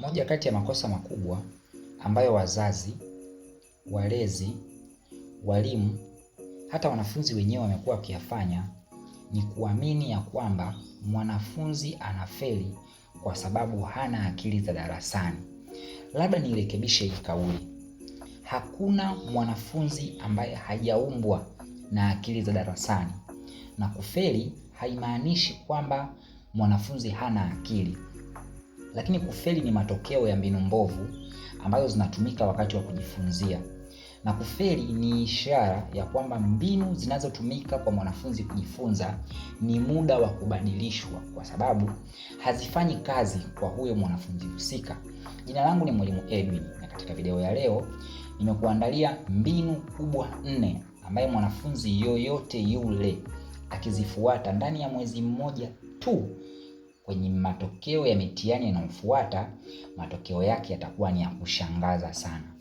Moja kati ya makosa makubwa ambayo wazazi, walezi, walimu, hata wanafunzi wenyewe wamekuwa wakiyafanya ni kuamini ya kwamba mwanafunzi anafeli kwa sababu hana akili za darasani. Labda niirekebishe hii kauli. Hakuna mwanafunzi ambaye hajaumbwa na akili za darasani, na kufeli haimaanishi kwamba mwanafunzi hana akili. Lakini kufeli ni matokeo ya mbinu mbovu ambazo zinatumika wakati wa kujifunzia, na kufeli ni ishara ya kwamba mbinu zinazotumika kwa mwanafunzi kujifunza ni muda wa kubadilishwa, kwa sababu hazifanyi kazi kwa huyo mwanafunzi husika. Jina langu ni Mwalimu Edwin, na katika video ya leo nimekuandalia mbinu kubwa nne ambaye mwanafunzi yoyote yule akizifuata ndani ya mwezi mmoja tu kwenye matokeo ya mitihani yanayofuata, matokeo yake yatakuwa ni ya kushangaza sana.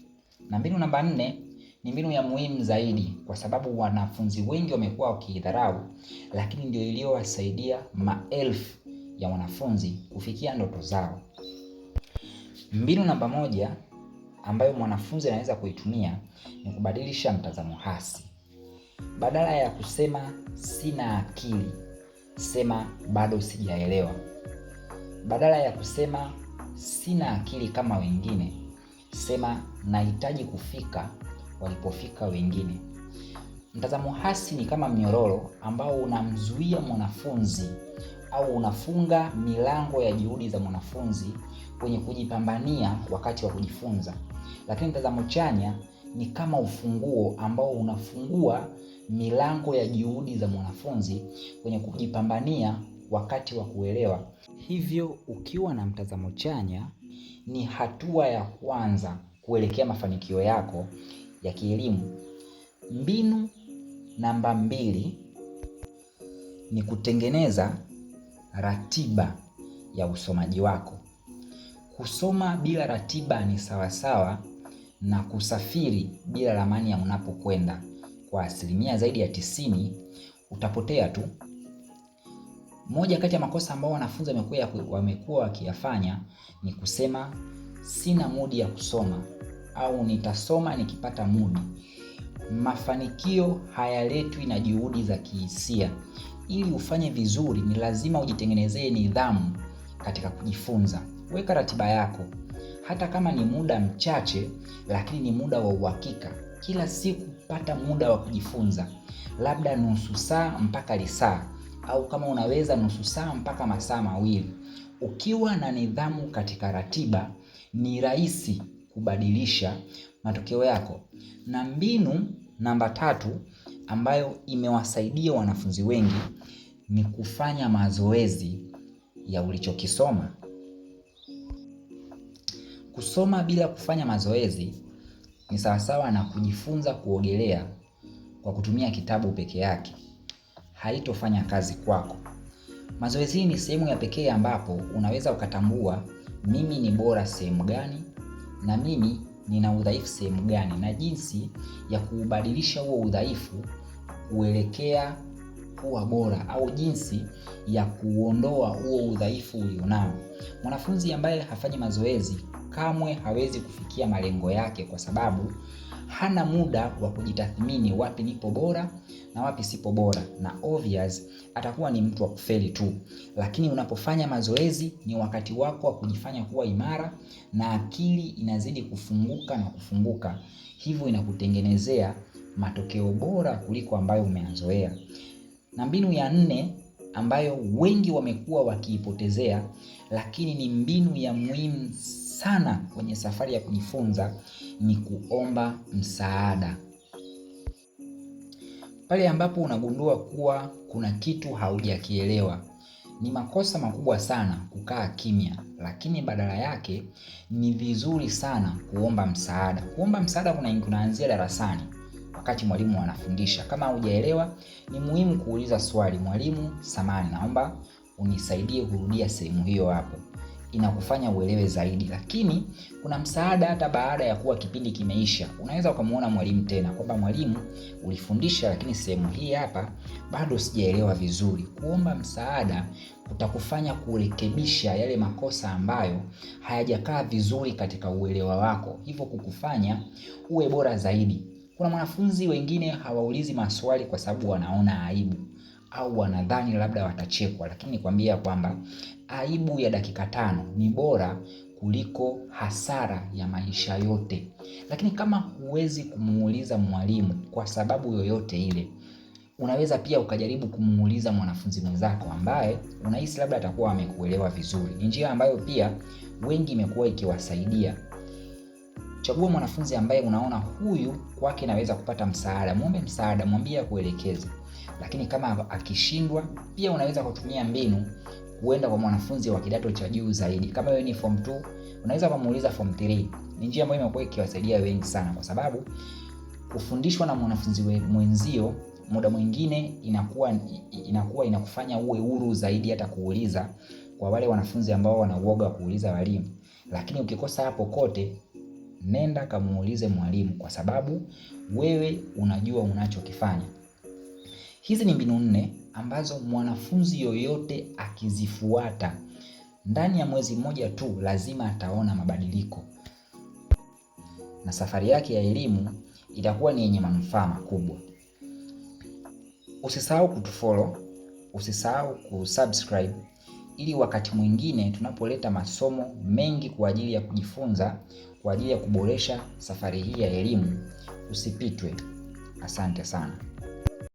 Na mbinu namba nne ni mbinu ya muhimu zaidi, kwa sababu wanafunzi wengi wamekuwa wakiidharau, lakini ndio iliyowasaidia maelfu ya wanafunzi kufikia ndoto zao. Mbinu namba moja ambayo mwanafunzi anaweza kuitumia ni kubadilisha mtazamo hasi. Badala ya kusema sina akili, sema bado sijaelewa. Badala ya kusema sina akili kama wengine, sema nahitaji kufika walipofika wengine. Mtazamo hasi ni kama mnyororo ambao unamzuia mwanafunzi au unafunga milango ya juhudi za mwanafunzi kwenye kujipambania wakati wa kujifunza. Lakini mtazamo chanya ni kama ufunguo ambao unafungua milango ya juhudi za mwanafunzi kwenye kujipambania wakati wa kuelewa. Hivyo ukiwa na mtazamo chanya, ni hatua ya kwanza kuelekea mafanikio yako ya kielimu. Mbinu namba mbili ni kutengeneza ratiba ya usomaji wako. Kusoma bila ratiba ni sawasawa na kusafiri bila ramani ya unapokwenda. Kwa asilimia zaidi ya tisini utapotea tu. Moja kati ya makosa ambao wanafunzi wamekuwa wakiyafanya ni kusema sina mudi ya kusoma au nitasoma nikipata mudi. Mafanikio hayaletwi na juhudi za kihisia. Ili ufanye vizuri, ni lazima ujitengenezee nidhamu katika kujifunza. Weka ratiba yako, hata kama ni muda mchache, lakini ni muda wa uhakika. Kila siku pata muda wa kujifunza, labda nusu saa mpaka lisaa au kama unaweza nusu saa mpaka masaa mawili. Ukiwa na nidhamu katika ratiba, ni rahisi kubadilisha matokeo yako. Na mbinu namba tatu ambayo imewasaidia wanafunzi wengi ni kufanya mazoezi ya ulichokisoma. Kusoma bila kufanya mazoezi ni sawasawa na kujifunza kuogelea kwa kutumia kitabu peke yake haitofanya kazi kwako. Mazoezi ni sehemu ya pekee ambapo unaweza ukatambua mimi ni bora sehemu gani na mimi nina udhaifu sehemu gani na jinsi ya kuubadilisha huo udhaifu kuelekea kuwa bora au jinsi ya kuondoa huo udhaifu ulionao. Mwanafunzi ambaye hafanyi mazoezi kamwe hawezi kufikia malengo yake, kwa sababu hana muda wa kujitathmini, wapi nipo bora na wapi sipo bora, na obvious atakuwa ni mtu wa kufeli tu. Lakini unapofanya mazoezi, ni wakati wako wa kujifanya kuwa imara, na akili inazidi kufunguka na kufunguka, hivyo inakutengenezea matokeo bora kuliko ambayo umeyazoea. Na mbinu ya nne ambayo wengi wamekuwa wakiipotezea, lakini ni mbinu ya muhimu sana kwenye safari ya kujifunza ni kuomba msaada. Pale ambapo unagundua kuwa kuna kitu haujakielewa, ni makosa makubwa sana kukaa kimya, lakini badala yake ni vizuri sana kuomba msaada. Kuomba msaada kunaanzia darasani wakati mwalimu anafundisha. Kama hujaelewa, ni muhimu kuuliza swali, mwalimu, samani naomba unisaidie kurudia sehemu hiyo hapo. Inakufanya uelewe zaidi, lakini kuna msaada hata baada ya kuwa kipindi kimeisha. Unaweza ukamwona mwalimu tena kwamba mwalimu, ulifundisha, lakini sehemu hii hapa bado sijaelewa vizuri. Kuomba msaada utakufanya kurekebisha yale makosa ambayo hayajakaa vizuri katika uelewa wako, hivyo kukufanya uwe bora zaidi. Kuna wanafunzi wengine hawaulizi maswali kwa sababu wanaona aibu au wanadhani labda watachekwa, lakini nikwambia kwamba aibu ya dakika tano ni bora kuliko hasara ya maisha yote. Lakini kama huwezi kumuuliza mwalimu kwa sababu yoyote ile, unaweza pia ukajaribu kumuuliza mwanafunzi mwenzako ambaye unahisi labda atakuwa amekuelewa vizuri. Ni njia ambayo pia wengi imekuwa ikiwasaidia. Chagua mwanafunzi ambaye unaona huyu kwake naweza kupata msaada, muombe msaada, mwambie akuelekeze. Lakini kama akishindwa, pia unaweza kutumia mbinu kuenda kwa mwanafunzi wa kidato cha juu zaidi. Kama wewe ni form 2, unaweza kumuuliza form 3. Ni njia ambayo imekuwa ikiwasaidia wengi sana, kwa sababu kufundishwa na mwanafunzi mwenzio muda mwingine inakuwa inakuwa inakufanya uwe huru zaidi hata kuuliza, kwa wale wanafunzi ambao wanauoga kuuliza walimu. Lakini ukikosa hapo kote nenda kamuulize mwalimu, kwa sababu wewe unajua unachokifanya. Hizi ni mbinu nne ambazo mwanafunzi yoyote akizifuata ndani ya mwezi mmoja tu lazima ataona mabadiliko na safari yake ya elimu itakuwa ni yenye manufaa makubwa. Usisahau kutufollow, usisahau kusubscribe ili wakati mwingine tunapoleta masomo mengi kwa ajili ya kujifunza, kwa ajili ya kuboresha safari hii ya elimu, usipitwe. Asante sana.